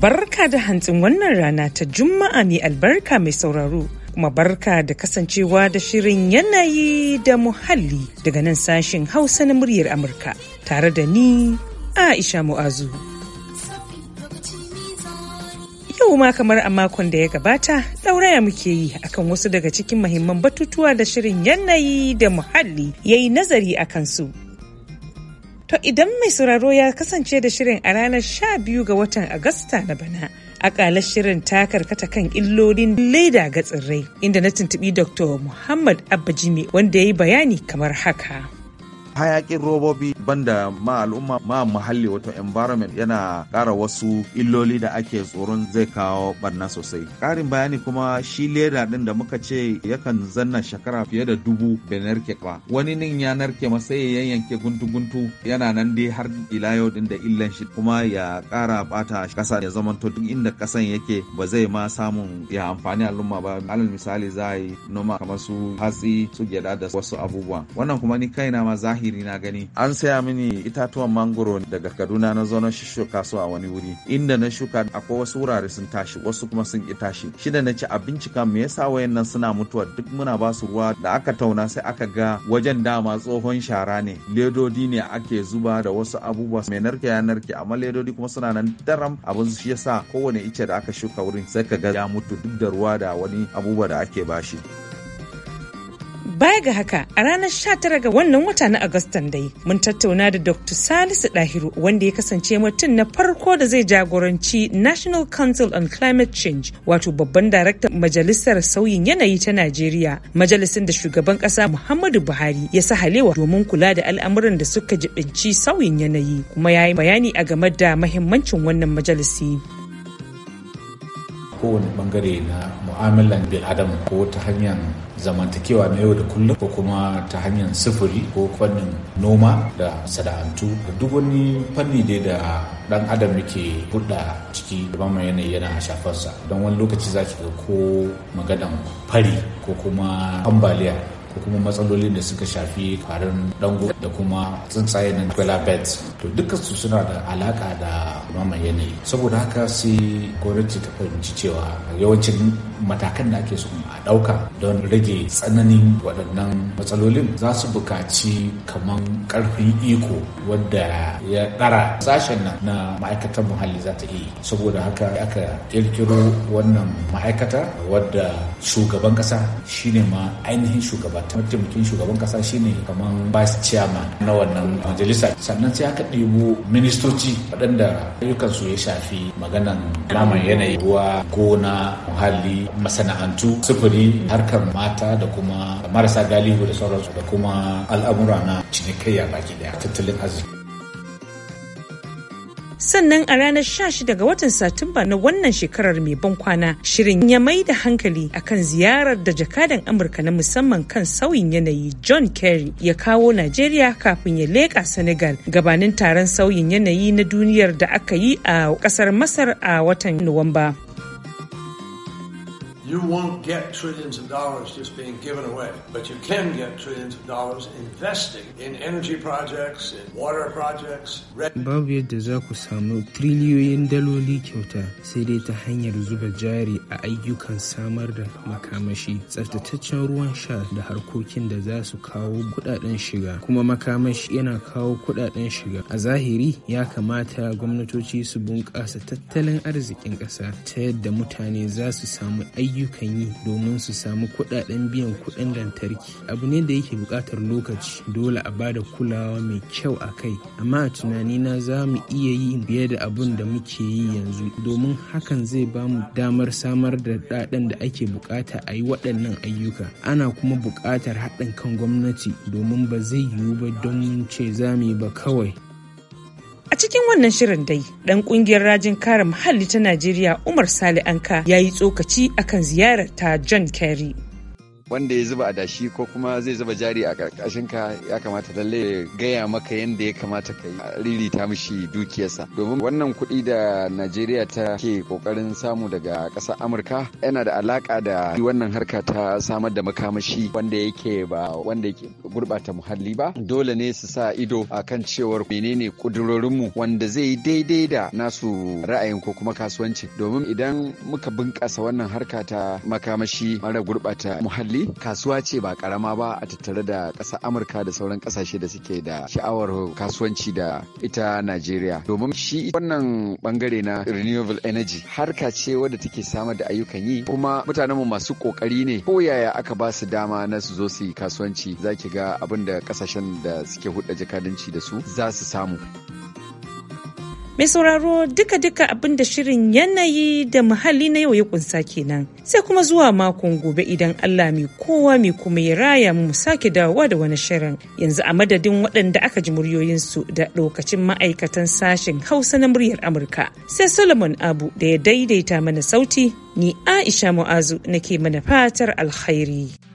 Barka da hantsin wannan rana ta Juma'a mai albarka mai sauraro. kuma barka da kasancewa da shirin yanayi da muhalli daga nan sashen hausa na muryar amurka tare da ni aisha mu'azu yau ma kamar a makon da ya gabata ɗauraya muke yi akan wasu daga cikin mahimman batutuwa da shirin yanayi da muhalli ya yi nazari a kansu To idan mai sauraro ya kasance da shirin a ranar sha biyu ga watan Agusta na bana. akala shirin ta karkata kan illolin leda ga tsirrai inda na tuntubi Dr. Muhammad Abba Jime wanda ya yi bayani kamar haka. hayakin robobi banda ma al'umma ma muhalli wato environment yana kara wasu illoli da ake tsoron zai kawo barna sosai karin bayani kuma shi leda din da muka ce yakan zanna shekara fiye da dubu bai narke ba wani nin ya narke masa ya yanke guntu-guntu yana nan dai har ila yau din da illan shi kuma ya kara bata kasa ya zamanto duk inda kasan yake ba zai ma samun ya amfani al'umma ba alal misali za yi noma kamar su hatsi su gyada da wasu abubuwa wannan kuma ni kaina ma zahi zahiri na gani an saya mini itatuwan mangoro daga kaduna na zo na shuka su a wani wuri inda na shuka akwai wasu wurare sun tashi wasu kuma sun ki tashi shida na ci abinci kan me yasa wayannan suna mutuwa duk muna ba su ruwa da aka tauna sai aka ga wajen dama tsohon shara ne ledodi ne ake zuba da wasu abubuwa mai narke ya narke amma ledodi kuma suna nan daram abin shi yasa kowane icce da aka shuka wurin sai ka ga ya mutu duk da ruwa da wani abubuwa da ake bashi. Baya ga haka a ranar 19 ga wannan wata na Agustan dai mun tattauna da Dr. Salisu Dahiru wanda ya kasance mutum na farko da zai jagoranci National Council on Climate Change wato babban daraktan majalisar sauyin yanayi ta Najeriya majalisin da shugaban kasa Muhammadu Buhari ya sahalewa domin kula da al'amuran da suka jibinci sauyin yanayi kuma ya yi bayani a game da mahimmancin wannan majalisi. kowane bangare na mu'amalan bil adam ko ta hanyar zamantakewa na yau da kullum ko kuma ta hanyar sufuri ko fannin noma da sana'antu da duk wani fanni dai da dan adam yake hudda ciki da ma yanayi yana shafarsa don wani lokaci za ki ga ko maganan fari ko kuma ambaliya ko kuma matsalolin da suka shafi farin dango da kuma tsuntsaye na gwela birds to dukkan su suna da alaka da maman yanayi saboda haka sai gwamnati ta fahimci cewa yawancin matakan da ake so ɗauka don rage tsananin waɗannan matsalolin za su buƙaci kamar ƙarfin iko wadda ya ɗara sashen nan na ma'aikatar muhalli za ta iya saboda haka aka ƙirƙiro wannan ma'aikata wadda shugaban ƙasa shine ma ainihin ta mataimakin shugaban ƙasa shine kamar vice chairman na wannan majalisa sannan sai aka ɗebo ministoci waɗanda ayyukansu ya shafi maganan naman yanayi ruwa gona muhalli masana'antu sufuri harkar mata da kuma marasa galihu da sauransu da kuma al'amura na cinikayya baki daya tattalin arziki sannan a ranar 16 ga watan satumba na wannan shekarar mai ban kwana shirin ya mai da hankali akan ziyarar da jakadan amurka na musamman kan sauyin yanayi john kerry ya kawo najeriya kafin ya leƙa senegal gabanin taron sauyin yanayi na duniyar da aka yi a ƙasar masar a watan nuwamba You won't get trillions of dollars just being given away, but you can get trillions of dollars investing in energy projects, in water projects. Babu yadda za ku samu triliyoyin daloli kyauta sai dai ta hanyar zuba jari a ayyukan samar da makamashi, tsaftataccen ruwan sha da harkokin da za su kawo kudaden shiga, kuma makamashi yana kawo kudaden shiga. A zahiri ya kamata gwamnatoci su bunƙasa tattalin arzikin ƙasa ta yadda mutane za su samu ayyuka ayyukan yi domin su samu kuɗaɗen biyan kuɗin lantarki abu ne da yake buƙatar lokaci dole a bada kulawa mai kyau a kai amma a tunanina za mu iya yi biye da abun da muke yi yanzu domin hakan zai ba mu damar samar da daɗin da ake bukata a yi waɗannan ayyuka ana kuma buƙatar haɗin kan gwamnati domin ba zai yiwu ba don mun ce za mu yi ba kawai A cikin wannan shirin dai, 'dan kungiyar rajin kare muhalli ta Najeriya Umar Sale Anka ya yi tsokaci akan ziyarar ta John Kerry. wanda ya zuba adashi ko kuma zai zuba jari a karkashin ka ya kamata lalle gaya maka yadda ya kamata ka yi ririta mishi dukiyarsa domin wannan kuɗi da najeriya ta ke ƙoƙarin samu daga ƙasar amurka yana da alaƙa da wannan harka ta samar da makamashi wanda yake ba wanda yake gurɓata muhalli ba dole ne su sa ido a kan cewar menene ƙudurorinmu wanda zai yi daidai da nasu ra'ayin ko kuma kasuwanci domin idan muka bunƙasa wannan harka ta makamashi mara gurɓata muhalli kasuwa ce ba karama ba a tattare da ƙasa Amurka da sauran ƙasashe da suke da sha'awar kasuwanci da ita Najeriya. Domin shi wannan bangare na renewable energy harka ce wadda take samar da ayyukan yi kuma mutanenmu masu kokari ne ko yaya aka ba su dama na su zo su yi kasuwanci zaki ga abin da ƙasashen da suke hudda jakadanci da su za su samu. Mai sauraro duka-duka abinda shirin yanayi da muhalli na yau ya kunsa kenan. Sai kuma zuwa makon gobe idan Allah mai kowa mai kuma ya raya mu sake dawowa da wani shirin. Yanzu a madadin waɗanda aka ji muryoyinsu da lokacin ma'aikatan sashen Hausa na muryar Amurka. Sai Solomon Abu da ya daidaita mana sauti, ni Aisha Mu'azu nake mana fatar alkhairi.